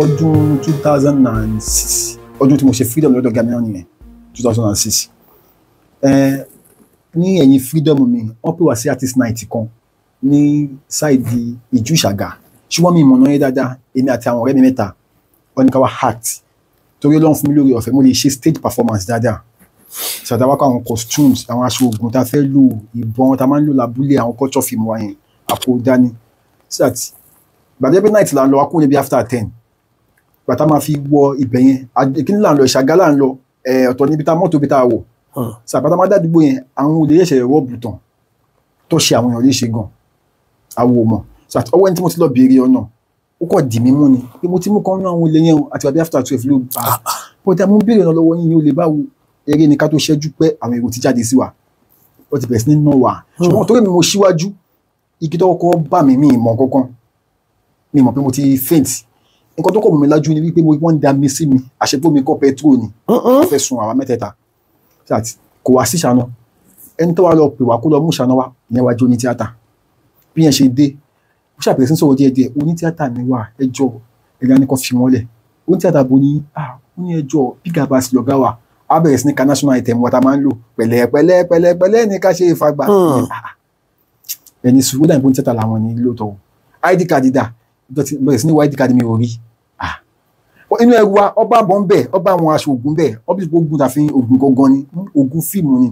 ọdún two thousand and six ọdún tí mo ṣe freedom lọ́dọ̀ gami náà nìyẹn two thousand and six ní ẹ̀yìn freedom mi wọ́n pè wá sí artist night kan ní sáìdì ìjú ìṣàgà ṣùgbọ́n mi ìmọ̀nà yẹn dáadáa èmi àti àwọn ọ̀rẹ́ mi mẹ́ta ọ̀nìkàwá act torí Ọlọ́run fún mi lórí ọ̀fẹ́ mo lè ṣe stage performance dáadáa ṣàtàwákọ̀ àwọn costumes àwọn aṣọ ogun tá a fẹ́ lò ìbọn tá a máa ń lò lábúlé àwọn culture film wa yẹn àpò dání so that gbàdébí night là ń lọ wá kúrò níbi after ten gbàtà máa fi wọ ibẹ̀ yẹn kí ni là ń lọ Ìṣàgá là ń lọ ọ̀tọ̀ níbi tá mọ́tò bí tá a wọ̀ sàpàtà máa dádúgbò yẹn àwọn olè ṣẹ̀ṣẹ̀ rọ́ bùtàn tó ṣe àwọn èèyàn léṣe gan àwò mọ̀ ọwọ́ ẹni tí mo ti lọ béèrè ọ̀nà ó kọ̀ dì mí mú ni pé mo ti mú kan nínú àwọn olè yẹn àti bàbá after twelve ló bá bọ́dà mo ń béèrè ọ̀nà lọ́wọ́ yín ni olè báwo eré ni ká tó ṣẹ́jú pé àwọn èrò ti jáde sí wa ó ti bẹ̀rẹ̀ sí ní nà wá ṣùgbọ́n torí mi mo ṣíwájú igi tó kọ́kọ́ bà mí mi ìmọ̀ kankan mi mọ̀ pé mo ti faint nǹkan tó kọ̀ mọ̀ lájú ni wípé wọ́n ń da mi sí mi àṣepọ̀ mi kọ́ pẹtrol ni uh-uh. wọ́n fẹ́ sun àwa mẹ́tẹ̀ẹ̀ta kò wá sí ṣàná ẹni tó wá lọ pè wá kó lọ mú ṣàná wá ìyẹn wá jẹ́ tíátà bí yẹn ṣe dé ó ṣàpèjẹ sí sọ̀rọ̀ díẹ̀díẹ̀ oní tíátà ni wà ẹjọ́ ẹ̀yà ni kò fi wọ́n lẹ̀ oní tíátà bo ni ah ó ní ẹjọ́ bíga bá sì lọ́gá wa á bẹ̀rẹ̀ sí ní ka national item wa ta máa ń lò pẹ̀lẹ́ pẹ̀lẹ́ pẹ̀lẹ́ pẹ̀lẹ́ ní ká ṣe ìfagbà hmm. ẹni sùúrù dàbí oní dà inú ẹrù wa ọba àbọ̀ ń bẹ̀ ọba àwọn aṣọ ògùn bẹ̀ ọbí ogun tàfin ògùn gangan ni ògùn hmm, fíìmù ni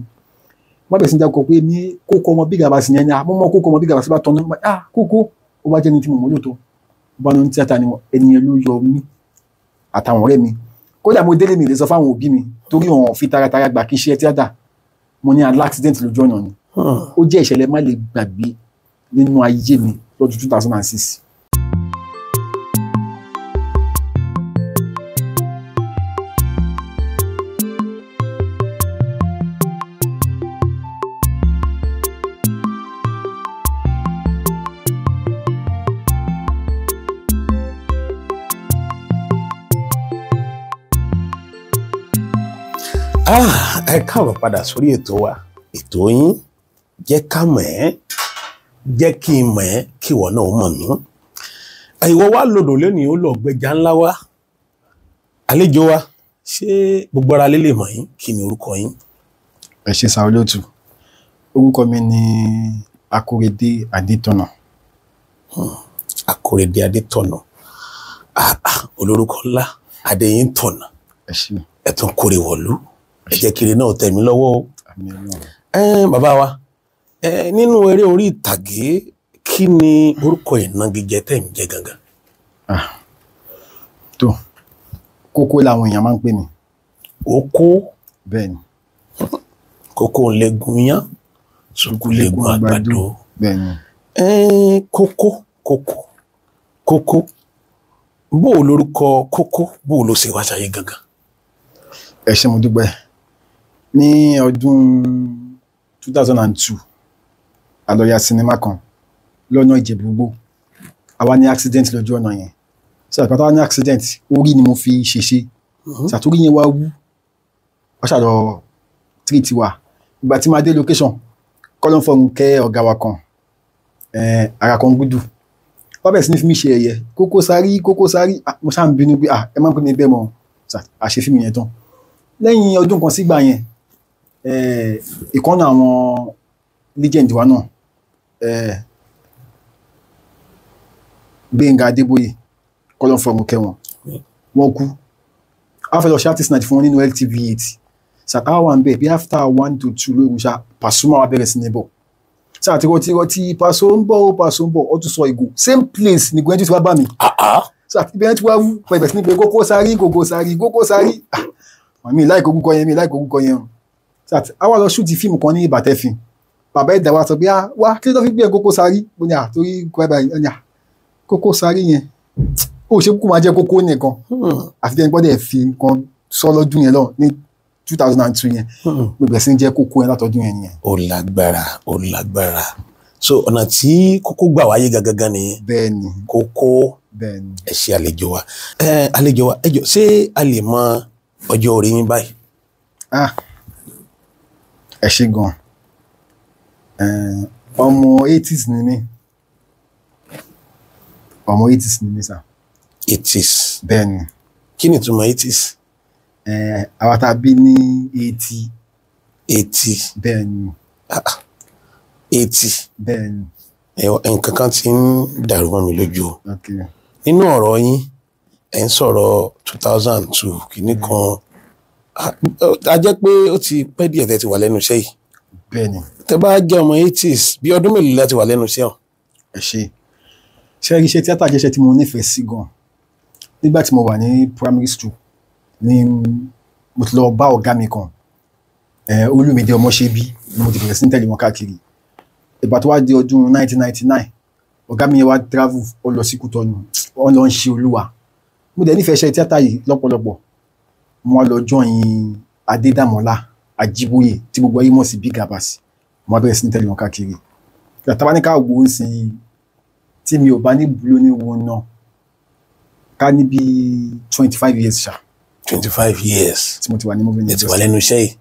wọ́n bẹ̀rẹ̀ sí dákọ̀ pé ní kókó ọmọ bíga bá sì yẹn ni àmọ́ ah, mọ́ kókó ọmọ bíga bá sì bá tọ́nu à ah, kókó ó bá jẹ́ ní tí mo mọ̀ lóòótọ́ ọba ní tíátà ni ẹnìyẹn ló yọ mí àtàwọn ọ̀rẹ́ mi kódà mo délé mi lè sọ fáwọn òbí mi torí ọ̀hún fi taratara gbà kí iṣẹ́ tíátà mo ní aláksidẹ́ǹt lójú ọ̀nà ni hmm. ó jẹ́ ìṣẹ̀lẹ̀ má lè gbàgbé nínú ayé mi lọ́dún two thousand and six Ah, ẹ káàbọ̀ padà sórí ètò wa ètò yín jẹ́ ká mọ̀ ẹ́ jẹ́ kí n mọ̀ ẹ́ kí ìwọ náà mọ̀ mí. àìwọ wa lòdò lónìí ó lọ gbẹjà ńlá wa àlejò wa ṣé gbogbo ara lè lè mọ̀ yín kí ni orúkọ yín. ẹ ṣe sáré lótú orúkọ mi ni Akórèdé Adétọ̀nà. Hmm, Akórèdé Adétọ̀nà ah, ah, olórúkọ ńlá Adéyìntọ̀nà ẹ̀tún kórè wọ̀lú ẹ̀jẹ̀ kiri náà tẹ̀ mí lọ́wọ́ o. bàbá wa nínú eré orí ìtàgé kí ni orúkọ ìnagijẹ tẹ̀ ń jẹ gangan. Ah, tó kókó làwọn èèyàn máa ń pè mí. okó. bẹ́ẹ̀ ni. kókó lẹ́gùn yán sùkú lẹ́gùn àgbàdo. bẹ́ẹ̀ ni. kókó kókó kókó bó o lorúkọ kókó bó o ṣe wáṣà gangan. ẹ ṣé dúpẹ́ ní ọdún 2002 a lọ ya sinimá kan lọ́nà ìjẹ̀búgbò àwa ní accident lójú ọ̀nà yẹn so àpáta wa ní accident orí ni mo fi ṣèṣe sàtórí mhm. yẹn wá wú wọ́n ṣàlọ́ tírì tiwa ìgbà tí máa dé location kọ́lọ́n fọ́n kẹ́ ọ̀gá wa kan eh, ara kan gúdù wọ́n bẹ̀rẹ̀ sí ní fi mí ṣe ẹ̀yẹ kókó sárí kókó sárí ah, mo ṣáà ń bínú pé ah, ẹ má ń pè mí bẹ́ẹ̀ mọ́ àṣefí mi yẹn tán lẹ́yìn ọdún kan sígbà yẹn Eh, ìkọ́nà àwọn legend wa náà eh, Gbẹ̀ngà Adébóyè kọ́lọ́n fọ̀rùn kẹwọn wọn kú afẹ́ lọ ṣe artist night fún wọn nínú LTV eight Sàká wà ń bẹ̀ bí after one to two lóru ṣá Pasuma wa bẹ̀rẹ̀ sí ní bọ̀ sáà tí rọtí rọtí Paso ń bọ̀ ó Paso ń bọ̀ ó tún sọ ìgò same place ni gbẹ́njú ti wá bá mi sáà ah, ah. tí bẹ́ẹ̀ tí wá wú pẹ̀lẹ́ sí ní pé kókó sáré gògó sáré kókó sáré àmì láì kókó yẹn mi láì kókó yẹn o àwa lọ ṣúùtì fíìmù kan ní ìbàtẹ́fin bàbá ẹ̀dá wa sọ pé ah, wa kí ló fi gbé Kókó Sárí mo ní àtórí ah, ah, Kókó Sárí yẹn ó ṣe kúkú máa jẹ́ kókó nìkan hmm. àfi tẹ́ni gbọ́dọ̀ fi nǹkan sọ lọ́dún yẹn lọ ní two thousand and two yẹn hmm. mo bẹ̀rẹ̀ sí ń jẹ́ kókó yẹn látọdún yẹn yẹn. ó lágbára ó lágbára so ọ̀nà tí kókó gbà wáyé gangan nìyẹn. bẹ́ẹ̀ni kókó bẹ́ẹ̀ni ẹ ṣe àlejò wa ẹ àlejò wa ẹ jọ ṣé a lè mọ ọjọ́ orí yín báyìí. ah ẹ ṣe gan ọmọ eighties ni mí ọmọ eighties ni mí sà. eighties. bẹ́ẹ̀ ni. kí ni ìtumọ̀ eighties. àwa tá a bí ní eighty. eighty. bẹ́ẹ̀ ni. Ah, eighty. bẹ́ẹ̀ ni. nǹkan kan ti ń dàrú mọ́ mi lójú o. nínú ọ̀rọ̀ yín ẹ̀ ń sọ̀rọ̀ two thousand two kìíní kan. Mm -hmm a jẹ́ pé ó ti pẹ́ díẹ̀ tẹ́ ti wà lẹ́nu iṣẹ́ yìí. bẹ́ẹ̀ni. tẹ́ bá jẹ́ ọmọ eighties bí ọdún mélòó lẹ ti wà lẹ́nu iṣẹ́ o. ẹ ṣe ṣe rí iṣẹ́ tíátà jẹ́ iṣẹ́ tí mo nífẹ̀ẹ́ sí gan nígbà tí mo wà ní primary school ni mo ti lọ bá ọ̀gá mi kan Olúmídé Ọmọṣẹ́bí ni mo ti bẹ̀rẹ̀ sí ní tẹ̀lé wọn káàkiri ìgbà tó wá di ọdún 1999 ọ̀gá mi yẹn wá travel ó lọ sí Kútọ́nù ó lọ ń ṣe olúwa mo dẹ̀ nífẹ̀ẹ́ iṣẹ́ tíátà yìí lọ́pọ̀lọpọ̀ wọ́n lọ jọyìn adédàmọ́lá ajíbóyè tí gbogbo ayé mọ̀ sí big abas wọ́n bẹ̀rẹ̀ sí ní tẹ̀lé wọn káàkiri tàbá ní ká wò ó sí i tí mi ò bá ní bulo ní wọn náà ká ní twenty five years ṣá. twenty five years tí mo ti wà ní movie industry. ẹ ti wà lẹ́nu iṣẹ́ yìí.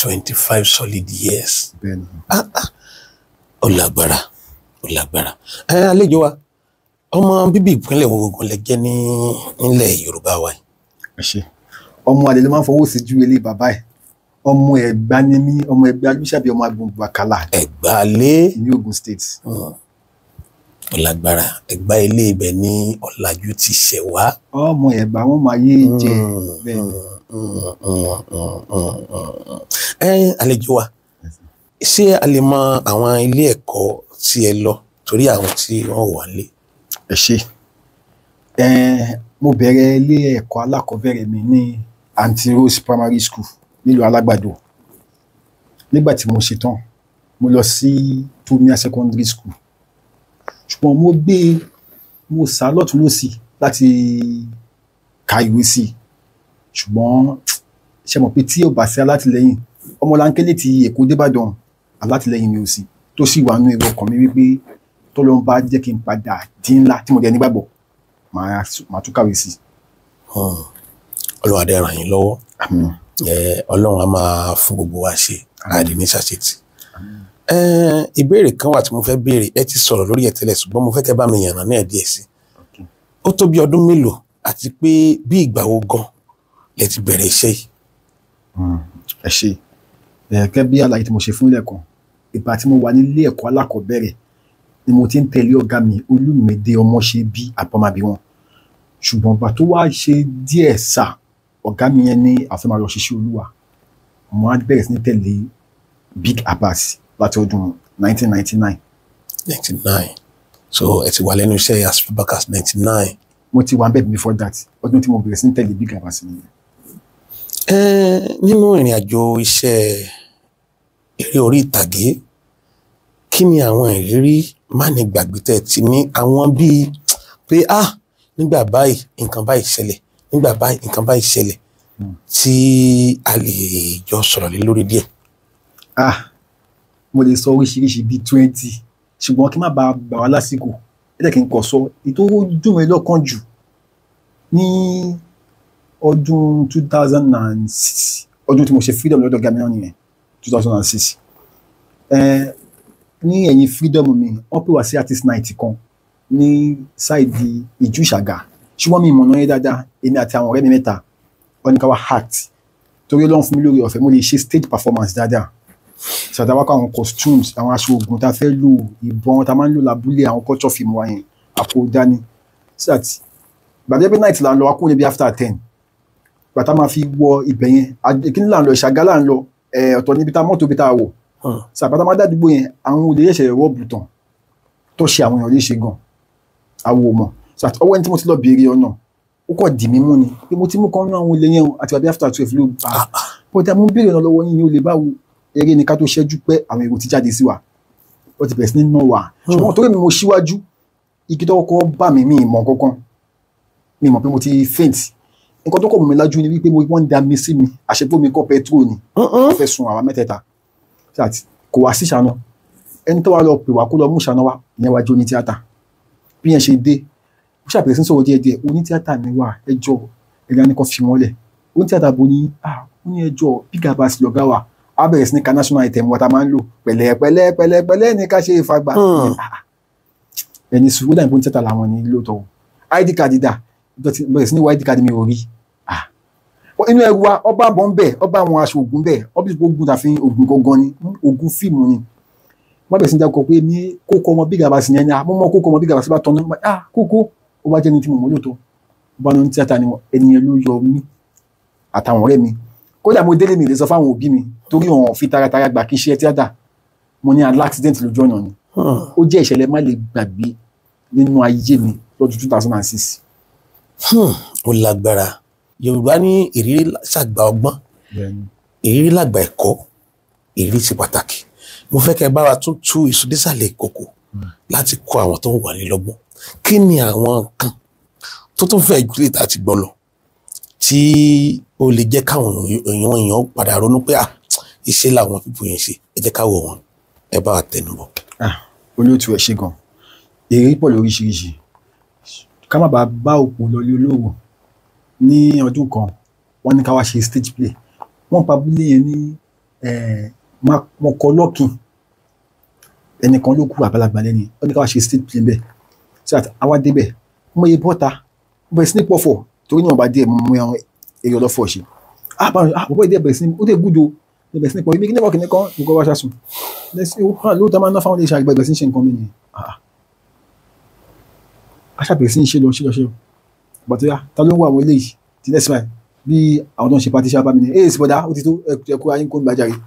twenty five solid years. bẹ́ẹ̀ ni. ah ah ó lágbára ó lágbára ẹ wa ọmọ bíbí ìpínlẹ̀ wo gangan lẹ jẹ́ ní nílẹ̀ Yorùbá wa ẹ ṣe ọmọ àlè ló máa ń fọwọ́ sí ju ilé bàbá ẹ̀ ọmọ ẹ̀gbá ni mí ọmọ ẹ̀gbá olùsàbí ọmọ agbọn bàkàlà. ẹ̀gbá lé ní Ogun State. ọ̀làgbára hmm. ẹ̀gbá ilé ibẹ̀ ní ọ̀làjú ti ṣẹ̀ wá. ọmọ ẹ̀gbá wọn máa yé hmm, jẹ hmm, bẹ́ẹ̀. ẹ àlejò wa ṣé a lè mọ àwọn ilé ẹ̀kọ́ tí ẹ lọ torí àwọn tí wọ́n wà lé. ẹ ṣe mo bẹ̀rẹ̀ ilé ẹ̀kọ́ alákọ̀ọ́bẹ̀rẹ̀ mi ní. Ni anti rose primary school nílùú alágbàdo nígbà tí mo ṣetán mo lọ sí premier secondary school ṣùgbọ́n mo gbé mo sá lọ́tún lọ́sì láti ka ìwé sí i ṣùgbọ́n ṣe mọ̀ pé tí ò bá sí alátìlẹyìn ọmọláńkélé ti èkó débàdàn alátìlẹyìn mi ò sí tó sì wà nínú èrò ọkàn mi wípé tọ́lọ́n bá jẹ́ kí n padà dín ńlá tí mo jẹ́ nígbàgbọ́ màá tún kàwé sí i. Hmm ọlọ́run adé ràn yín lọ́wọ́ ọlọ́run á máa fún gbogbo wa ṣe àdé ní ṣàṣetì. ìbéèrè kan wà tí mo fẹ́ béèrè ẹ ti sọ̀rọ̀ lórí ẹ̀ tẹ́lẹ̀ ṣùgbọ́n mo fẹ́ kẹ́ bá mi yànnà náà díẹ̀ sí i ó tó bí ọdún mélòó àti pé bí ìgbà wo gan lẹ ti bẹ̀rẹ̀ iṣẹ́ yìí. Hmm, ẹ ṣe gẹ́gẹ́ bí àlàyé tí mo ṣe fún ilẹ̀kùn ìgbà tí mo wà nílé ẹ̀kọ́ alákọ̀ọ́bẹ̀rẹ̀ ni mo ti ń tẹ̀lé ọ̀gá mi Olúmídé ọmọṣe bí àpamàbí wọn ṣùgbọ́n bàtó wá ṣe díẹ̀ sáà ọ̀gá mi yẹn ní àfẹ́màyọ̀ ṣiṣẹ́ olúwa mo á bẹ̀rẹ̀ sí ní tẹ̀lé Big Abass láti ọdún 1999. 99 so ẹ ti wà lẹ́nu iṣẹ́ as far 99. mo ti wà ń before that ọdún tí mo bẹ̀rẹ̀ sí ní tẹ̀lé Big Abass ni. ẹ nínú ìrìn àjò iṣẹ́ eré orí ìtàgé kí ni àwọn ìrírí má ní gbàgbé tẹ̀ ti ní àwọn bíi pé ah nígbà báyìí nǹkan báyìí ṣẹlẹ̀ nígbà báyìí nǹkan báyìí ṣẹlẹ̀ hmm. tí a lè jọ sọ̀rọ̀ lé lórí díẹ̀. ah mo lè sọ oríṣiríṣi bíi twenty ṣùgbọ́n kí n má bàa bà wá lásìkò ẹ jẹ́ kí n kọ̀ sọ ètò ojú mi lọ́kàn jù ní ọdún two thousand and six ọdún tí mo ṣe freedom lọ́dọ̀ gaminan nìyẹn two thousand and six ní ẹ̀yìn freedom mi wọ́n pè wá sí artist night kan ní sáìdì ìjú ìṣàgà ṣùgbọ́n mi ìmọ̀nà yẹn dáadáa èmi àti àwọn ọ̀rẹ́ mi mẹ́ta wọ́n ní ká torí Ọlọ́run fún mi lórí ọ̀fẹ́ mo lè ṣe stage performance dáadáa ṣàtàwá kọ àwọn costumes àwọn aṣọ oògùn tá a fẹ́ lò ìbọn tá a máa ń lò lábúlé àwọn culture film wa yẹn àpò dání sat gbàdé pé night là ń lọ akúrò níbi after ten gbàtà máa fi wọ ibẹ̀ yẹn kíni là ń lọ ìṣàgá là ń lọ ọ̀tọ̀ níbi tá mọ́tò bí tá a wọ̀ hmm. sàpàtà máa dádúgbò yẹn àwọn olè yẹ̀ṣẹ̀ rọ́ọ̀bù tán tó ṣe àwọn èèyàn léṣe gan àwọ̀ mọ̀ so at ọwọ́ ẹni tí mo ti lọ béèrè ọ̀nà ó kọ̀ dì mí mú ni pé mo ti mú kan náà àwọn olè yẹn o àti wàbí after twelve ló bá a bọ́dà mo ń béèrè ọ̀nà lọ́wọ́ yín ni o lè báwo eré ni ká tó ṣẹ́jú pé àwọn èrò ti jáde sí wa wọ́n ti bẹ̀rẹ̀ sí ní nà wá hmm. ṣùgbọ́n torí mi mo ṣíwájú igi tó kọ́ bà mi ìmọ̀ kankan mi mọ̀ pé mo ti faint nǹkan tó kọ̀ mọ̀ mi lájú ni wípé wọ́n ń da mi sí mi àṣepó mi kọ́ pẹtrol ni wọ́n fẹ́ sun àwa mẹ́tẹ̀ẹ̀ta kò wá sí ṣàna ẹni tó wà lọ pè wá kó lọ mú ṣàna wá ìyẹn wá jó tíátà bí yẹn ṣe dé ó ṣàbẹ̀rẹ̀ sí sọ̀rọ̀ díẹ̀ díẹ̀ onítíátà ni wà ẹjọ́ ẹ̀yà ni kò fi wọ́n lẹ̀ onítíátà bo ní ah ó ní ẹjọ́ big abas lọ́gá wa á bẹ̀rẹ̀ sí ní ká national item wa ta máa ń lò pẹ̀lẹ́ pẹ̀lẹ́ pẹ̀lẹ́ pẹ̀lẹ́ ní ká ṣe ìfagbà hmm. ẹni sùn wíwọ́n ìbọn tíátà làwọn ní lóòótọ́ id card dà bẹ̀rẹ̀ sí ní id card mi ò rí inú ẹrù wa ọba bọ̀ ń bẹ̀ ọba àwọn aṣọ ògùn bẹ̀ ni hmm, ni wọ́n bẹ̀rẹ̀ sí ní dákọ̀ pé ní kókó ọmọ big abas yẹn ni àmọ́ kókó ọmọ big abas bá tọ́nu ah kókó ó bá jẹ́ ẹni tí mo mọ́lò tó bá ní tíátà ni ẹni yẹn ló yọ mí àtàwọn ọ̀rẹ́ mi kódà mo délé mi lè sọ fáwọn òbí mi torí ọ̀hún fi taratara gbà kí iṣẹ́ tíátà mo ní aláksidẹ́ǹtì lójú ọ̀nà ni ó jẹ́ ìṣẹ̀lẹ̀ má lè gbàgbé nínú ayé mi lọ́dún two thousand and six. Hmm, ó lágbára yorùbá ní ìrírí ṣàgbà ọgbọ́n ìrírí làgbà ẹ̀kọ́ ìrírí ṣe pàtàkì mo fẹ́ kẹ́ bá wa tún tú ìsúdísàlẹ̀ ìkòkò hmm. láti kọ́ àwọn tó ń wà ní lọ́gbọ́n kí ni àwọn nǹkan tó tún fẹ́ ju lè ta ti gbọ́ lọ tí ó lè jẹ́ káwọn èèyàn èèyàn padà ronú pé iṣẹ́ làwọn pípò yẹn ṣe ẹ jẹ́ káwọ̀ wọn ẹ bá tẹnu bọ̀. olóòtú ẹ ṣe gan èrè pọ̀ lóríṣiríṣi ká má bàa bá òpó lọlé olóògùn ní ọdún kan wọ́n ní ká wá ṣe stage play wọ́n pa abúlé yẹn ní wọn kọ lọ́kìn ẹnìkan ló kú àgbàlagbà lẹ́ni wọ́n ní ká wá ṣe stage play bẹ́ẹ̀ so that àwa débẹ̀ mo yẹ bọ́ta mo bẹ̀rẹ̀ sí ní pọ̀fọ̀ torí ní wọn bá díẹ̀ mo mú àwọn èrè ọlọ́fọ̀ ṣe àbáwọn àbúrò ìdí ẹ̀bẹ̀rẹ̀ sí ní ó dé gúdo ẹ̀bẹ̀rẹ̀ sí ní pọ̀ ibi kíní wọ́ọ̀kì nìkan nǹkan wá ṣàṣùn lẹ́sìn ó hàn ah, lóòótọ́ máa ná fáwọn iléeṣẹ́ àgbẹ̀ ìbẹ̀rẹ̀ sí ní ṣe nǹkan mi nìyẹn aṣàbẹ̀rẹ̀ ah, sí ní ṣe lọ ṣe lọ ṣe bàtọ́ yá ta ló ń wá àwọn eléyìí ti lẹ́sìn báyìí bí àwọn tó ń ṣe patricia bá mi ní èyí síbọ̀dá ó ti tó ẹ̀kú ayé kó ń gbàjà yìí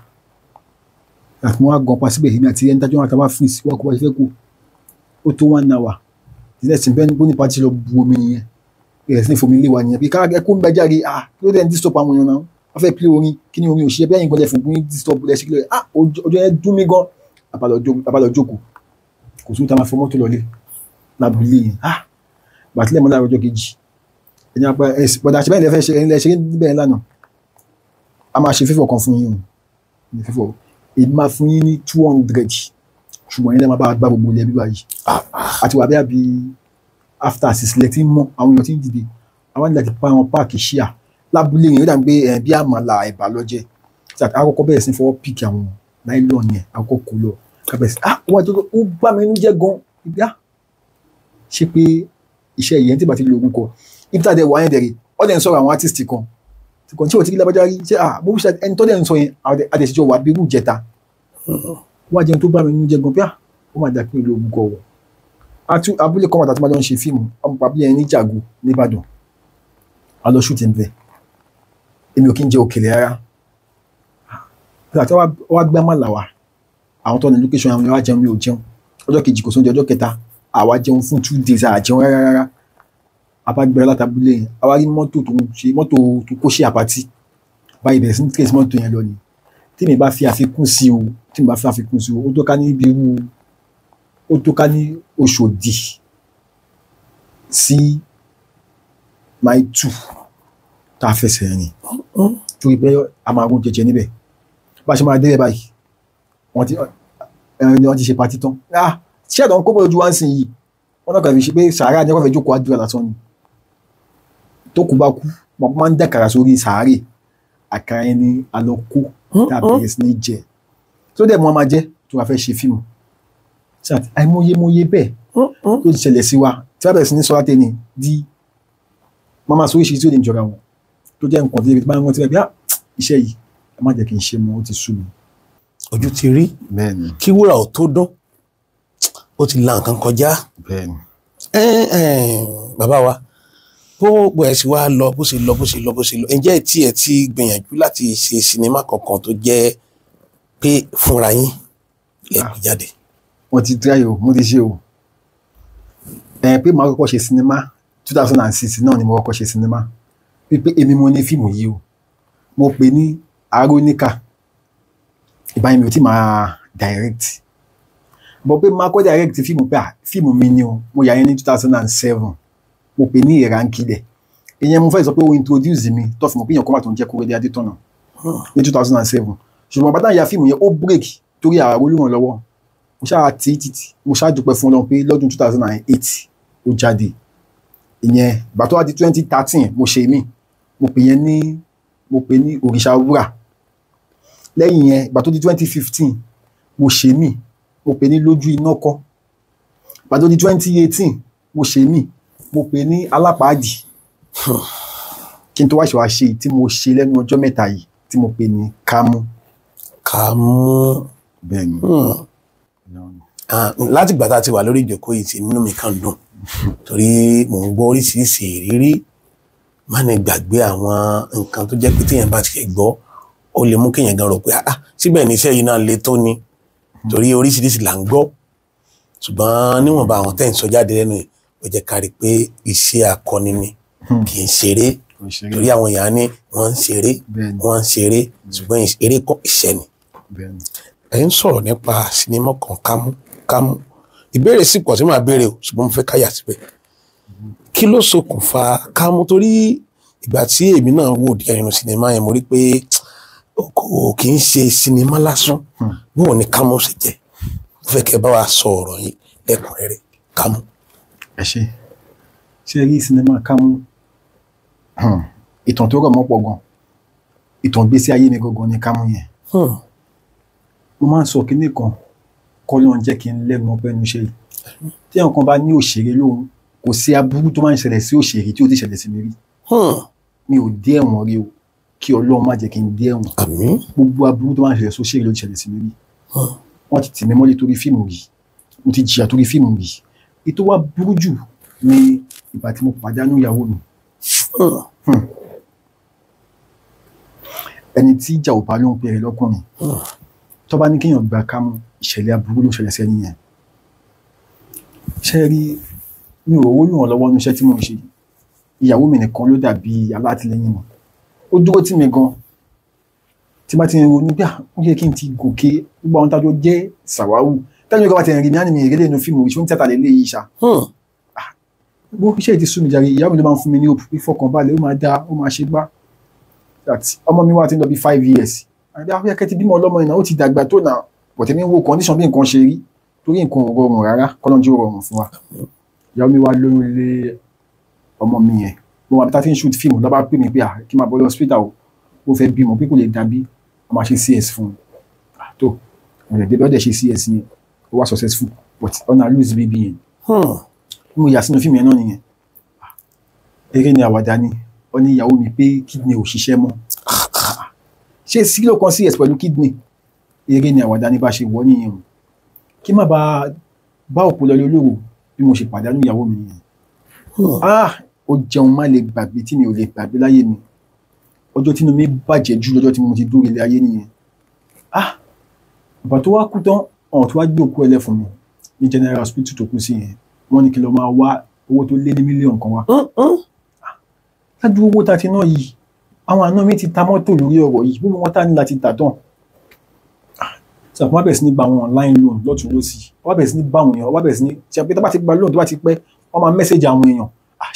àti wọn á gan pa síbẹ̀ èmi àti ẹni tájọ́ wọn àtàwọn fún ìsìnkú ọkọ̀ wáyé fẹ́ kú ó tó one hour ìrẹsì bẹ́ẹ̀ ni gbóni pàtí lọ bu omi nìyẹn ìrẹsì ní fomi lé wa nìyẹn bí ká ẹ kó jáde ah kí ló dé ń disturb àwọn èèyàn náà wọ́n fẹ́ pé orin kí ni orin ò ṣe bẹ́ẹ̀ yín gbọ́dọ̀ fún bí disturb ẹ̀ kí lọ ah ọjọ́ yẹn dún mí gan abalọ̀ jókòó kò sóhun tá a máa fọ mọ́tò lábúlé yẹn ah bàtílẹ̀ mọ́lá ọjọ́ kejì ẹ̀yin apá ẹ̀sìn pọ̀dà àṣẹ bẹ́ẹ̀ lẹ́fẹ́ ṣe ẹ̀yin lẹ́ṣẹ́ níbẹ̀ lánàá a máa ṣe fífọ̀ kan fún yín ṣùgbọ́n yín lẹ́ẹ̀ máa bá gbá gbogbo ilẹ̀ bíbá yìí ah, ah. àti wà bíyà bíi after six lẹ ti ń mọ àwọn èèyàn ti ń dìde àwọn ènìyàn pa àwọn páàkì ṣíà lábúlé yẹn ó dà gbé eh, bí àmàlà ẹ̀bà lọ́jẹ́ tí àkọ́kọ́ bẹ̀rẹ̀ sí fọwọ́ píìkì àwọn nylon yẹn àkọ́kọ́ kò lọ kábẹ̀sì ah wọ́n àti ó gbà mí níjẹ́ gan ibi ah ṣe pé iṣẹ́ yẹn tí bá ti lo ogun kọ ibi tá wà yẹn dẹ̀rẹ̀ ọ́ dẹ̀ ń sọ̀rọ̀ àwọn artist kan tí kò tí ò ti rí lábájá rí ṣe ah mo wíṣà ẹni tó dẹ̀ ń sọ yẹn àdẹ̀síjọ wà bí irú ìjẹta wá jẹun tó bá mi nínú jẹ gan pé à ah, ó máa dà pé ìlú ògùkọ wọ àti abúlé kan wàtà tó máa jọ ń ṣe fíìmù ọmọpàá abúlé yẹn ní nìbàdàn a lọ ṣùtì ń bẹ èmi ò kí ń jẹ òkèlè rárá nígbà tí wàá gbé àmàlà wa àwọn tó ní lókèṣọ àwọn ìwà jẹun mi ò jẹun ọjọ́ kejì kò sóúnjẹ ọjọ́ kẹta àwa jẹun fún two days àjẹun rárá rárá abágbẹ́rẹ́ látàbúlé yẹn àwa rí mọ́tò tó ń ṣe mọ́tò tó kó ṣe àpàtì báyìí bẹ̀rẹ̀ sí ní tírèsì mọ́tò yẹn lọ nìyẹn tèmi bá fi àfikún sí o tèmi bá fi àfikún sí o ó tó ká ní ibi irú ó tó ká ní Òṣòdì sí mile two tá a fẹsẹ̀ rìn torí pé a máa rún jẹjẹ níbẹ̀ bá a ṣe máa dé rẹ̀ báyìí wọ́n ti wọ́n ti ṣe patí tán ah ṣé ẹ̀dọ̀ kó bọ́ ojú wa ń sìn yìí wọ́n náà kàn fi ṣe pé sàárà ni wọ́n fẹ́ jókòó àdúrà lásán ni tó kú bá kú wọ́n máa ń dàkàrà sórí sàárè àkàrà ẹni alọ́kó Oh, tá a oh. bẹ̀rẹ̀ sí ní jẹ tó dẹ̀ mọ́ máa jẹ́ tó wàá fẹ́ ṣe fíìmù àìmọyemọye bẹ́ẹ̀ tó oh, ti ṣẹlẹ̀ sí wa tí wàá bẹ̀rẹ̀ sí ní sọ́ra tẹ́ni di wọ́n máa sóríṣi tí ò ní jọra wọn tó jẹ́ nǹkan tí ebi tó máa ń rántí rẹ̀ bí ah, iṣẹ́ yìí a má jẹ́ kí n ṣe mọ́ ó ti sú mi. ojú ti rí kí wúrà ò tó dán ó ti la nǹkan kọjá bàbá wa gbogbo ẹ̀ sì wá lọ bó ṣe lọ bó ṣe lọ bó ṣe lọ ǹjẹ́ tí ẹ ti gbìyànjú láti ṣe sinimá kankan tó jẹ́ pé fúnra yín lè gbé jáde. wọ́n ti tíráyè o mo ti ṣe o ẹ pé màá kọ́kọ́ ṣe sinimá two thousand and six náà ni mo kọ́kọ́ ṣe sinimá pípé èmi mo ní fíìmù yìí o mo pè ní aróníkà ìbáyìí mi ò tí máa direct bọ̀ pé màá kọ́ direct fíìmù pé fíìmù mi ni o mo yà yẹn ní two thousand and seven mo pè ní ìrànkilẹ̀ ìyẹn mo fẹ́ sọ pé o introduce mi tó fi mọ̀ pé èèyàn kan wà tó ń jẹ́ Kóredé Adétọ̀nà ní two thousand and seven ṣùgbọ́n bàtà ìyá fíìmù yẹn ó break torí ààrẹ olúmọ̀lọ́wọ́ mo ṣáà tí títí mo ṣáà dúpẹ́ fún Ọlọ́run pé lọ́dún two thousand and eight ó jáde ìyẹn bàtọ́ àti twenty thirteen mo ṣe mí mo pè yẹn ní mo pè ní òrìṣà wúrà lẹ́yìn yẹn bàtọ́ di twenty fifteen mo ṣe mí mo pè ní lójú iná kọ́ bàtọ́ di twenty eighteen mo ṣe mí mo pè ní alápàájì kí n tó wá ṣe wá ṣe tí mo ṣe lẹ́nu ọjọ́ mẹ́ta yìí tí mo pè ní kámú. kámú. bẹ́ẹ̀ ni. Hmm. láti ìgbà tá a ti wà lórí ìjókòó yìí tí inú mi kàn dùn torí mò ń gbọ́ oríṣiríṣi ìrírí má ní gbàgbé àwọn nǹkan tó jẹ́ pé téèyàn bá ti gbọ́ ó lè mú kéèyàn gan rò pé ah síbẹ̀ ní yìí náà le tó ni torí oríṣiríṣi là ń gbọ́ ṣùgbọ́n níwọ̀nba àwọn tẹ́ ń sọ jáde lẹ́nu yìí ó jẹ́ ká rí i pé iṣẹ́ akọni ni hmm. kì í ṣeré torí àwọn èèyàn ní wọ́n ń ṣeré wọ́n ń ṣeré hmm. ṣùgbọ́n eré kọ́ iṣẹ́ ni. ẹ ń sọ̀rọ̀ nípa sinimá kan kámú kámú ìbéèrè sì pọ̀ tí màá béèrè o ṣùgbọ́n mo fẹ́ káyà síbẹ̀ hmm. kí ló ṣokùnfà kámú torí ìgbà tí èmi náà wò díẹ̀ nínú sinimá yẹn mo rí pé kò kì í ṣe sinimá lásán bóun ni kámú ṣe jẹ́ mo fẹ́ kẹ́ bá wa sọ ọ̀rọ̀ yìí lẹ́kùnrẹ́rẹ́ kámú ẹ ṣe ṣe rí sinimá kámú ìtàn tó rọ̀ mọ́ pọ̀ gan ìtàn gbésí ayé ni gangan ni kámú yẹn mo máa ń sọ kinní kan kọ́lọ́ ń jẹ́ kí n lẹ́nu ọpẹ́ nu ṣe tí àwọn kan bá ní òṣèré lóhun kò sí aburú tó máa ń ṣẹlẹ̀ sí òṣèré tí ó ti ṣẹlẹ̀ sí mi rí mi ò dé ẹ̀wọ̀n rí o kí ọlọ́run má jẹ́ kí n dé ẹ̀wọ̀n gbogbo aburú tó máa ń ṣẹlẹ̀ sí òṣèré ló ti ṣẹlẹ̀ sí mi rí wọ́n ti tì mí mọ́lé torí fíìmù yìí mo ti jìyà torí fíìmù yìí ètò wa burú jù ní ìgbà tí mo pàdánù ìyàwó mi. Hmm. Hmm. ẹni tí ìjà ò bá ló ń pè é lọ́kùnrin hmm. tó bá ní kéèyàn gba kámú ìṣẹ̀lẹ̀ aburú ló ṣẹlẹ̀ sẹ́yìn yẹn. ṣé rí mi ò rówó yùn ọ́ lọ́wọ́ níṣẹ́ tí mo ń ṣe ìyàwó mi nìkan ló dàbí alátìlẹyìn mi ó dúró tì mí gan tí bá ti ń ronú pé ah, ó kí n ti gòkè gbogbo àwọn tájọ jẹ́ sàwáwù tẹ́lẹ̀ kọ́ bá ti rìn mí á ní mi ìrẹ́lẹ̀ inú fíìmù ìṣó ń tẹ́ta lè lé yìí ṣá. bó iṣẹ́ ìdí sún mi jàre ìyá mi ló máa ń fún mi ní òpó ìfọkànbalẹ̀ ó máa dáa ó máa ṣe gbá ọmọ mi wà ti ń lọ bí five years àbí àwọn akẹ́kẹ́ ti bímọ ọlọ́mọ iná ó ti dàgbà tó nà pọ̀tẹ́ mi ń wo condition bí nǹkan ṣe rí torí nǹkan ò rọrùn rárá kọ́lọ́njú rọrùn fún wa ìyá mi wá lórí ilé ọmọ mi yẹn mo wà bíta tí ń shoot fíìmù lọ́ba pè mí ah, ó wá successful but ọ̀nà lose baby yẹn hmm. mo yà sínú fíìmù yẹn náà nìyẹn eré ni àwàdà ni ó ní ìyàwó mi pé kidney ò ṣiṣẹ́ mọ́ ṣé sílò kan sí ẹ̀sìn pẹ̀lú kidney eré ni àwàdà ni bá ṣe wọ́ nìyẹn o kí má bàa bá òkú lọ lólòwò bí mo ṣe pàdánù ìyàwó mi nìyẹn hmm. ah ó jẹun má lè gbàgbé tí mi ò lè gbàgbé láyé mi ọjọ́ tínú mi bàjẹ́ jù lọ́jọ́ tí mo ti dúró ilé ayé nìyẹn ah bàtó wá kú tán ọ̀n tí wàá gbé òkú ẹlẹ́fun mi ní general hospital tó kú sí yẹn wọ́n ní kí lọ́ọ́ máa wá owó tó lé ní mílíọ̀n kan wá. lájú owó ta ti ná yìí àwọn àna mi ti ta mọ́tò lórí ọ̀rọ̀ yìí bí wọ́n ta ní láti tà tán. sàkóńwá bẹ̀rẹ̀ sí ní gba àwọn online loan lọ́tún lọ́sì wọ́n bẹ̀rẹ̀ sí ní bá àwọn èèyàn wọ́n bẹ̀rẹ̀ sí ní ṣe pé tó bá ti gba loan tó bá ti pẹ́ wọ́n máa mẹ́sẹ̀jì àwọn èèyàn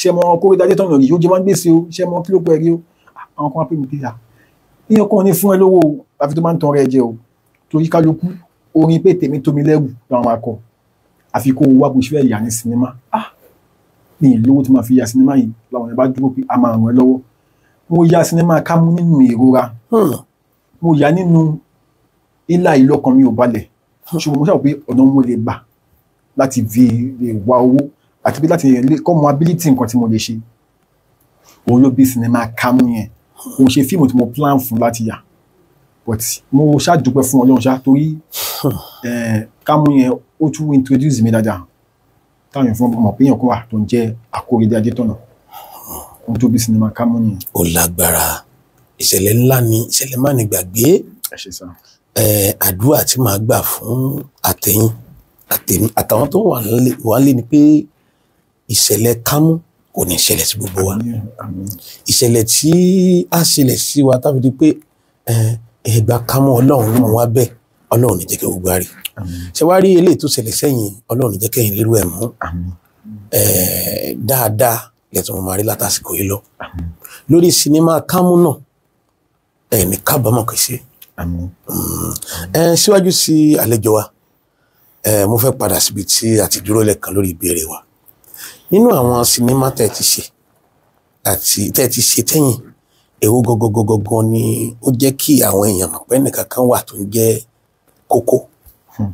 ṣe mọ kórè dájẹ́ tọ̀nà yìí ó jẹ́ máa ń gbèsè o ṣe mọ kí ló pẹ́ rí o àwọn kan wá pè mí pé à ìyẹn kan ní fún ẹ lówó àfi tó máa ń tọrọ ẹ jẹ o torí kálukú orin pé tèmi tómi lẹ́rù làwọn máa kọ àfi kó o wá bó ṣe fẹ́ yà ní sinimá ah ní ìlówó tí màá fi ya sinimá yìí làwọn yẹn bá dúró pé a máa ràn ẹ́ lọ́wọ́ mo ya sinimá ká mú nínú ìrora mo yà nínú ilà ìlọkàn mi ò balẹ̀ ṣùgbọ́n mo ṣàwọ̀ pé ọ̀nà mo lè gbà láti fi lè wá owó àti pé láti lè kọ́ mọ ability nǹkan tí mo lè ṣe òun ló bí sinimá ká yẹn òun ṣe fíìmù tí mo plan fún láti yà but mo ṣáà fún Ọlọ́run ṣá torí kámú yẹn ó tún introduce mi dáadáa táwọn èèyàn fún ọmọ pé èèyàn kan wà tó ń jẹ́ Akóredé Adétọ̀nà ohun tó bí sinimá kámú yẹn. ó lágbára ìṣẹ̀lẹ̀ ńlá ni ìṣẹ̀lẹ̀ má ní gbàgbé àdúrà tí màá gbà fún àtẹ̀yìn àtẹ̀mí àtàwọn tó wà lé ni pé ìṣẹ̀lẹ̀ kámú kò ní ṣẹlẹ̀ sí gbogbo wa ìṣẹ̀lẹ̀ tí a ṣẹlẹ̀ sí wa táfi di pé ẹ̀ẹ́dà kámú ọlọ́run ló mọ̀ wá bẹ́ẹ̀ ọlọ́run ní jẹ́ kí gbogbo àrí ṣe wá rí eléyìí tó ṣẹlẹ̀ sẹ́yìn ọlọ́run ní jẹ́ kẹ́yìn rírú ẹ̀ mú dáadáa lẹ́tọ̀ mọ́ máa rí látàsìkò yìí lọ lórí sinimá kámú náà ẹ̀ ní kábàámọ̀ kì í ṣe síwájú sí àlejò wa mo fẹ́ padà síbi tí a ti dúró lẹ́ẹ̀kan lórí ìbéèrè wa nínú àwọn sinimá tẹ́ ti ṣe àti tẹ́ ti ṣe tẹ́yìn èwo gọgọgọgọgọ ni ó jẹ́ kí àwọn èèyàn mọ̀ pé kan wà tó ń jẹ́ Koko, hmm.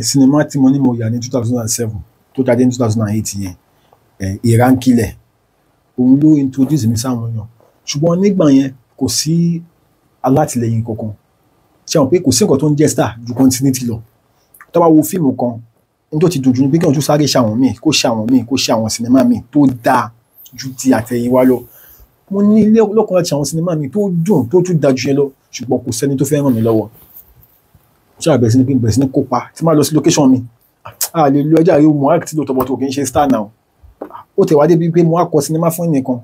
sinimá tí mo ni mo yà ní two thousand and seven tó jáde ní two thousand and eight yẹn ìránkílẹ̀ òun ló introduce mi sáwọn èèyàn ṣùgbọ́n nígbà yẹn kò sí alátìlẹyìn kankan ṣe àwọn pé kò sí nǹkan tó ń jẹ́ star ju continuity lọ tó bá wo fíìmù kan nítorí ti dùnjú ní pé kí wọn tún sáré ṣàwọn míì kó ṣàwọn míì kó ṣàwọn sinimá míì tó dáa ju ti àtẹ̀yìnwá lọ mo ní lọ́kùnrin àti àwọn sinimá míì tó dùn tó tún dáa ju yẹn lọ ṣùgbọ́n kò sẹ́ni tó fẹ́ ràn mí lọ́wọ́ ṣé àbẹ̀sí ni bẹ̀sí ni kópa tí máa lọ sí location mi a lè lo ẹja rí Mohbad tí lóòótọ́ bọ́tò kì í ṣe star now ó tẹ̀ wá débi pé Mohbad kọ sinimá fún ẹnìkan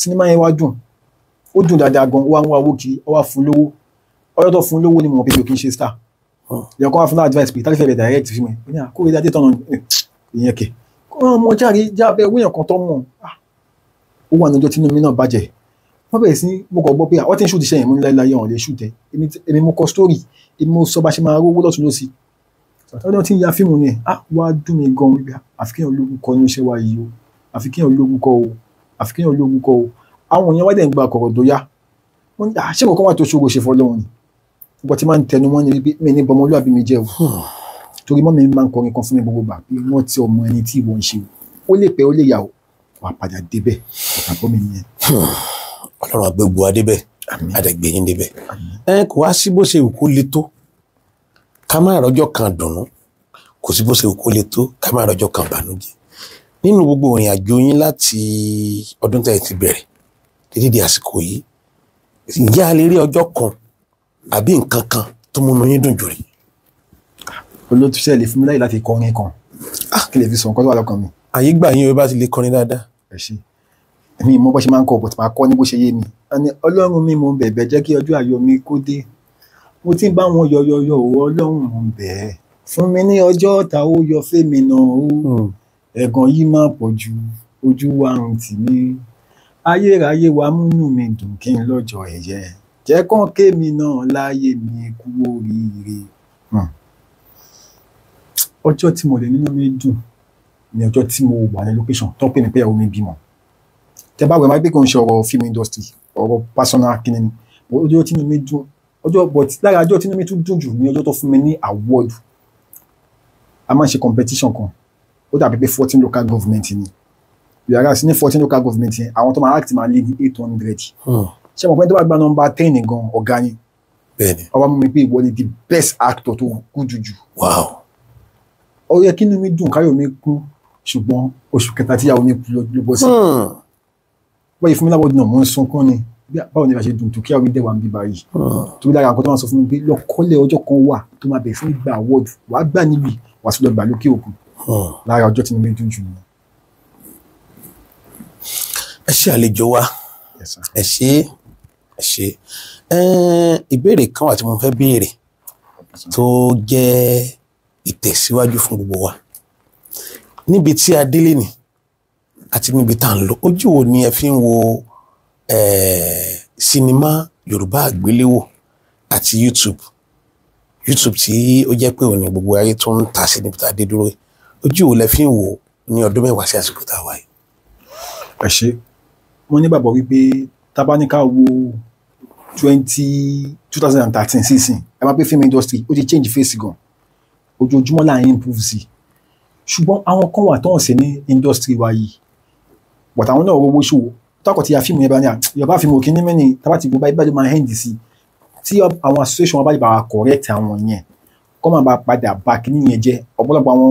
sinimá yẹn wá dùn ó dùn dáadáa gan wá ń wá owó kiri ó wá fún lówó ọjọ́ tó fún lówó ni mo mọ̀ pé mi ò kì í ṣe star yẹ kó wá fún náà advice pé tálífẹ̀ bẹ̀ direct fi mi ní àkórè dáadé tọ̀nà ìyẹn kẹ̀ kó ọmọ járe jábẹ́ wíyàn kan tó mọ̀ ah, ó wà ní ọjọ́ tí inú mi náà bàjẹ́ wọ́n bẹ̀rẹ̀ sí mo kàn gbọ́ pé àwọn tí ń ṣù ti ṣe yẹn mú láéláé ọ̀hún lè ṣù tẹ èmi mo kọ sítórì èmi mo sọ bá ṣe máa rówó lọ́tún lọ́sì ọdún tí ń ya fíìmù ni à ah, wá dùn mí gan wípé ah, àfikẹ́yàn ológun kọ ní iṣẹ́ wa yìí o àfikẹ́yàn ológun kọ o àfikẹ́yàn ológun kọ o àwọn èèyàn wá dẹ̀ ń gba kọ̀rọ̀ dóyá wọ́n ní àṣẹ ah, kọ̀ọ̀kan wà tó ṣòro ṣe fọlọ́run ni gbogbo tí máa ń tẹnu mọ́ ni wípé mi ní bọmọlúwàbí mi jẹ́ o torí mọ́ mi máa ń kọrin kan fún mi o ó lè pẹ́ ó o wà padà ọlọ́run àgbégbó adébẹ̀ àdẹ̀gbẹ̀yìn débẹ̀ ẹ kò wá sí bó ṣe wù kó le tó ká má rọjọ́ kan dùnnú kò sí bó ṣe wù kó le tó ká má rọjọ́ kan bànújẹ́ nínú gbogbo ìrìn àjò yín láti ọdún tẹ́ ẹ ti bẹ̀rẹ̀ títí di àsìkò yìí ǹjẹ́ a lè rí ọjọ́ kan àbí nǹkan kan tó múnú yín dùn jù rí. olóòtú sẹ́ẹ̀ fún mi láyè láti kọrin kan ah. kí lè fi sọ nǹkan tó wà lọ́kàn mi. àyè yín o bá ti lè kọrin dáadáa. ẹ ṣé mi mọ bó ṣe máa ń kọ bọ̀ tí màá kọ́ ní bó ṣe yé mi ẹni ọlọ́run mi mo bẹ̀bẹ̀ jẹ́ kí ọjọ́ ayọ̀ mi kó dé mo ti ń bá wọn yọ̀yọ̀yọ̀ o ọlọ́run mo bẹ̀ẹ́ fún mi ní ọjọ́ ta ó yọ fẹ́mi náà o hmm. ẹ̀gàn yìí máa pọ̀ ju ojú wa ń tì mí ayérayé wa múnú mi dùn kí n lọ́jọ́ ẹ̀yẹ jẹ́ kán kémi náà láyé mi kú oríire hmm. ọjọ́ tí mo lè nínú mi dùn ni ọjọ́ tí mo wà ní location tó ń pè mí pé mi bímọ tẹ́ bá wẹ̀ máa gbé kò ń ṣe ọ̀rọ̀ film industry ọ̀rọ̀ personal kíni ni ọjọ́ tí inú mi dùn ọjọ́ but lára ọjọ́ tí inú mi tún dùn jù ní ọjọ́ tó fún mi ní award a máa ṣe competition kan ó dàbí pé fourteen local government ni yàrá sí ní fourteen local government yẹn àwọn tó máa act máa lé ní eight hundred hmm. ṣé mo pẹ́ tó bá gba nọ́mbà ten gan ọ̀gá yẹn ọba mi pé ìwọ ni the best actor tó kú jùjù. wow. ó yẹ kí inú mi dùn káyọ̀ mi kú ṣùgbọ́n oṣù kẹta tíyàwó mi kú ló bọ́ hmm wọ́n yìí fún mi náà mo ń sunkún ni báwo ni ìbá ṣe dùn tó kí àwọn ìdẹ́wà ń bí báyìí hmm. torí lára nǹkan tó máa sọ fún mi pé lọ́kọ́lẹ̀ ọjọ́ kan wà tó máa bẹ̀rẹ̀ fún ìgbà awọ́dù wàá gbà níbi wàá sọ́dọ̀ gbà lókè òkun hmm. lára ọjọ́ tí mo bí dùn jù mí. ẹ ṣe àlejò wa ẹ ṣe ẹ ṣe ìbéèrè kan wà tí mo fẹ́ béèrè tó jẹ́ ìtẹ̀síwájú fún gbogbo wa níbi tí a délé ni àti níbi tá à ń lọ ojú wo ni ẹ fi ń wo sinimá yorùbá àgbéléwò àti youtube youtube tí ó jẹ́ pé òun ni gbogbo ayé tó ń ta sí níbi tá a dé dúró ojú wo lẹ fi ń wò ní ọdún mẹ́wàá sí àsìkò tá a wà ẹ ṣe wọn ní wípé tábánikà wo twenty two thousand and thirteen sísìn ẹ máa pé film industry ó ti change face gan ojoojúmọ́ là ń improve sí ṣùgbọ́n àwọn kan wà tó hàn sí ní industry wa yìí bọ̀tà àwọn náà rówó ṣòwò tọkọ̀ tí a fíìmù yẹn bá ní à ah, yorùbá fíìmù òkè ní mẹ́ni tábà ti gbọ́ báyìí báyìí ló máa hẹ́ǹdì sí tí àwọn association wọn bá lè bá wa correct àwọn yẹn kọ́ máa bá padà bá kíní yẹn jẹ́ ọ̀pọ̀lọpọ̀ àwọn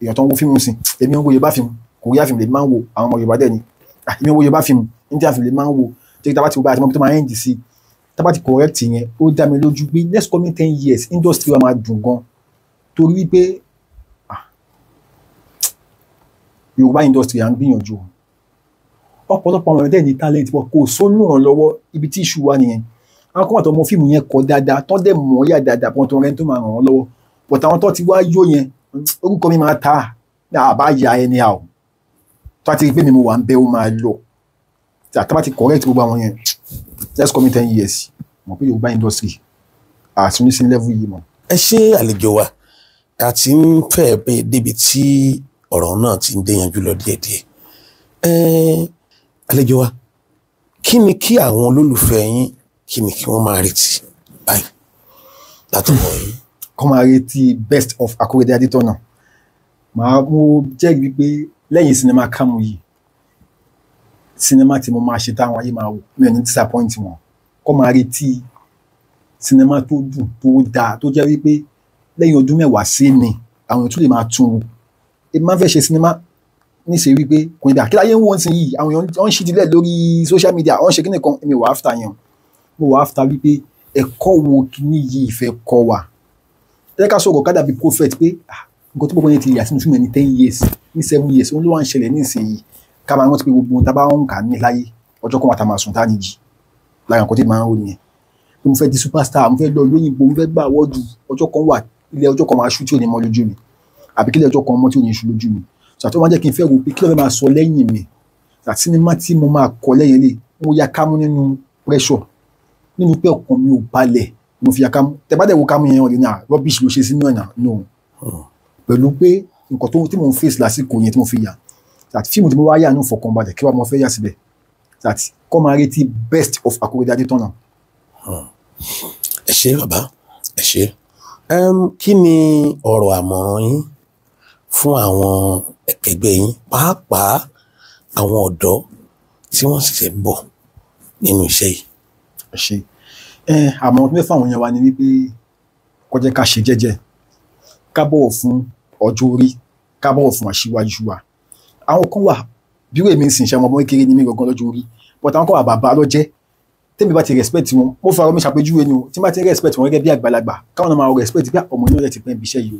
èèyàn tó ń wo fíìmù sìn èmi ń wo yorùbá fíìmù kòríà fíìmù lè máa ń wo àwọn ọmọ yorùbá dẹ̀ ni ah, èmi ń wo yorùbá fíìmù india fíìmù lè máa ń wo jẹ́ tábà ti gbọ́ báyìí àti mọ́ tó máa ti correct yẹn ó dá mi lójú pé next coming ten years industry wa máa dùn gan torí wípé ah, yorùbá industry à ń gbìyànjú o ọ̀pọ̀lọpọ̀ àwọn ẹ̀dẹ́ ní talent wọn kò sónú ìrànlọ́wọ́ ibi tí ìṣù wa nìyẹn àwọn kan wà tó mọ fíìmù yẹn kọ dáadáa tán dẹ̀ mọ̀ ọ́ yà dáadáa pọ̀ tó rẹ́ tó máa ràn wọ́n lọ́wọ́ pọ̀tà àwọn tó ti wá yó yẹn orúkọ mi máa ta àbá ya ẹni à tó a ti rí pé mi mo wà ń bẹ́ ó máa lọ àtàbà ti correct gbogbo àwọn yẹn let's come in ten years mọ̀ pé Yorùbá industry àtúnisí level yìí mọ̀. ẹ ṣe àlejò wa a ti ń fẹ́ẹ̀ débi tí ọ̀rọ̀ náà ti ń déyanjú lọ díẹ̀díẹ̀ àlejò wa kí ni kí àwọn olólùfẹ́ yín kí ni kí wọ́n máa retí báyìí látọ̀wọ̀ yìí. kọ́ máa retí best of Akorede Adétọ́nà màá mo jẹ́rìí pé lẹ́yìn sinimá Kámú yìí sinimá tí mo máa ṣe táwọn ayé máa wò mi ò ní disappoint wọn kọ́ máa retí sinimá tó dùn tó dáa tó jẹ́ wípé lẹ́yìn ọdún mẹ́wàá sí ni àwọn ètò lè máa tún wò èmi máa fẹ́ ṣe sinimá níṣe wípé kò ní bí àkíláyé ń wọ́n ti yìí àwọn èèyàn wọ́n ń ṣí lórí social media wọ́n ṣe kí nìkan èmi wà áfta yẹn mo wà áfta wípé ẹ̀kọ́ wo kíní yìí fẹ́ kọ́ wa ẹ ká sọ̀rọ̀ kádà bíi prophet pé ah, nǹkan tó gbọ́dọ̀ yẹn ti yà sí mùsùlùmí ní ten years ní seven years òun ló wà ń ṣẹlẹ̀ ní ìsinyìí ká máa rántí pé gbogbo ohun tá a bá ń kà ní láyé ọjọ́ kan wà tá a máa sùn tá a nìyí lára nǹkan tí màá ń rò nìyẹn pé mo fẹ́ di superstar mo fẹ́ lọ lóyìnbó mo fẹ́ gbà wọ́ọ̀dù ọjọ́ kan wà ilé ọjọ́ kan máa ṣú tí ò ní mọ́ lójú mi àbí kílẹ̀ ọjọ́ kan mọ́ tí ò ní ṣú lójú mi ṣàtọ́ wọn jẹ́ kí n fẹ́ wo pé kí ló fẹ́ máa sọ lẹ́yìn mi àti sinimá tí mo máa kọ lẹ́yìn lè mo ya kámú nínú pressure nínú pé ọkàn mi ò balẹ̀ mo fi ya kámú tẹ wo kámú yẹn ọ̀dínà ah, rubbish ló ṣe sínú ẹ̀nà no pẹ̀lú pé nǹkan tó tí mò ń face lásìkò yẹn tí mo fi yà àti fíìmù tí mo wá yà ní ìfọkànbalẹ̀ kí wàá mo fẹ́ yà síbẹ̀ àti kọ́ máa retí best of Akorede Adétọ́nà. ẹ ṣe bàbá ẹ ṣe kí ni ọ̀rọ̀ àmọ̀ràn yín fún àwọn ẹgbẹ́ yín pàápàá àwọn ọ̀dọ́ tí wọ́n sì ń bọ̀ nínú iṣẹ́ yìí. ṣe ẹ àmọ́ tó fẹ́ fáwọn yẹn wá ni wípé kó jẹ́ ká ṣe jẹ́jẹ́ ká bọ̀wọ̀ fún ọjọ́ orí ká bọ̀wọ̀ fún aṣíwájú wa àwọn kan wà bí wèé mi ń sìn ṣe ọmọ ọmọ kékeré ní mi gangan lọ́jọ́ orí but àwọn kan wà bàbá lọ́jẹ́ tẹ́mi bá ti respect wọn mo fara mi ṣàpèjúwe ni o tí bá ti respect wọn gẹ́gẹ́ bí àgbàlagbà káwọn náà máa respect bí ah, ọmọ yẹn lọ́jẹ́ ti pẹ́ ibi iṣẹ́ yìí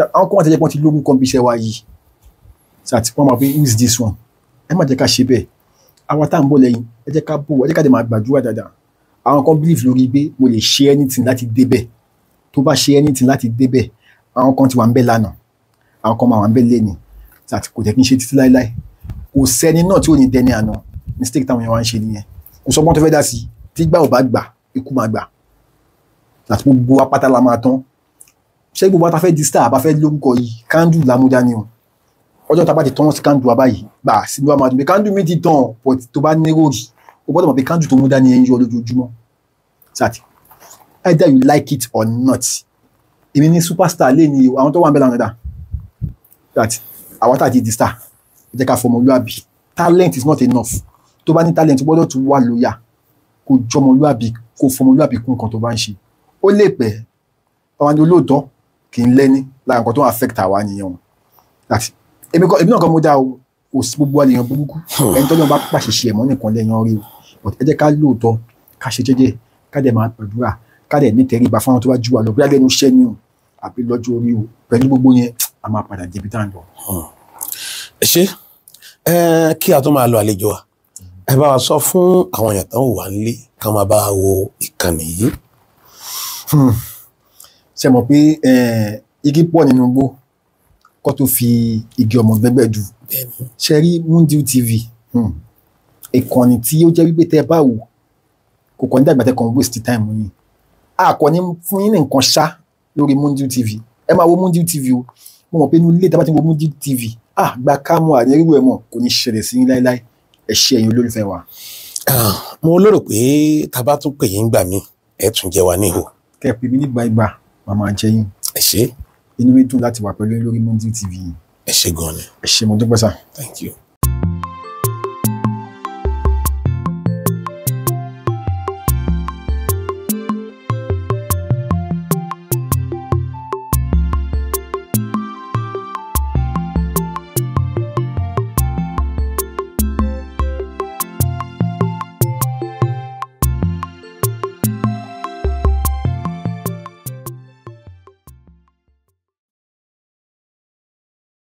o àwọn kan wà tẹ́jẹ́ pé ti lógún kan ibi iṣẹ́ wa yìí àti wọn máa fi who this one ẹ má jẹ́ ká ṣe bẹ́ẹ̀ àwa tá à ń bọ̀ lẹ́yìn ẹ jẹ́ ká bò ẹ jẹ́ ká dẹ̀ máa gbàdúrà dáadáa àwọn kan believe lórí pé mo lè ṣe anything láti débẹ̀ tó bá ṣe anything láti débẹ̀ àwọn kan ti wà ń bẹ̀ lánàá àwọn kan máa wà ń bẹ̀ lẹ́nìí àti kò jẹ́ kí n ṣe títí láéláé kò sẹ́ni náà tí ò ní dẹni àná mistake táwọn yẹn wá ń ṣe nìyẹn kò sọ́gbọ́n tó fẹ́ dá sí tí gbà ò bá gbà ikú máa gbà àti gbogbo apáta la máa tán ṣé gbogbo ata fẹ́ di star àbá fẹ́ lórúkọ yìí kándù lámúdání o ọjọ́ tá bá ti tán sí káńdù wa báyìí gbà sínú wa máa dùn bí káńdù mi ti tàn pọ̀ tó bá nírò yìí o gbọ́dọ̀ mọ̀ pé káńdù tó mú dání ẹ̀ ń yọ lójoojúmọ́ sati either you like it or not èmi ní superstar lé ní àwọn tó wà ń bẹ̀ lánàá dà sati àwọn tá a ti di star ẹ jẹ́ ká fọmọlúàbí talent is not enough tó bá ní talent gbọ́dọ̀ tún wà lóyà kó jọmọlúàbí kó fọmọlúàbí kún nǹkan tó bá ń ṣe ó lè pẹ́ àwọn olóòótọ́ kì í lẹ́ni lára nǹkan tó affect àwa nìyẹn o sati èmi náà kan mo dá o gbogbo àlèyàn burúkú hmm. ẹni tó náà bá pàṣẹṣe ẹ̀mọ́ nìkan lẹ́yìn ọ̀rẹ́ o ẹ jẹ́ ká lóòótọ́ ká ṣe jẹ́jẹ́ ká dẹ̀ máa gbàdúrà ká dẹ̀ nítorí ìgbà fáwọn tó bá ju lọ bí lẹ́nu iṣẹ́ ni o àbí lọ́jọ́ orí o pẹ̀lú gbogbo yẹn a máa padà débi tá à ń lọ. Hmm. ẹ ṣe kí a tó máa lọ àlejò wa ẹ bá wa sọ fún àwọn èèyàn tó ń wà ká máa bá wo ìkànnì yìí. Hmm. ṣe mọ̀ pé igi pọ̀ nínú gbó kó tó fi igi ọmọ gbẹgbẹ jù ṣe rí Moondew TV hmm. ìkànnì tí ó jẹ́ wípé tẹ́ ẹ bá wò kò kàn ní dàgbà tẹ́ waste time yín àkànní fún yín ní nǹkan ṣá lórí Moondew TV ẹ máa wo Moondew TV o mo mọ̀ pé inú ilé ìdábàtí wo Moondew TV ah gba kámú àdéhùn ẹ̀ mọ̀ kò ní ṣẹlẹ̀ sí yín láéláé ẹ ṣe ẹ̀yin olólùfẹ́ wa. mo lérò pé tàbá tún pè yín gbà mí ẹ tún jẹ wá níhò. kẹ́ ẹ pè mí nígbà ìgbà màmá jẹ ẹ ṣe inú mi dùn láti wà pẹ̀lú lórí Moondew TV ẹ ṣé gan ni. ẹ ṣé mo dúpẹ́ sá. thank you.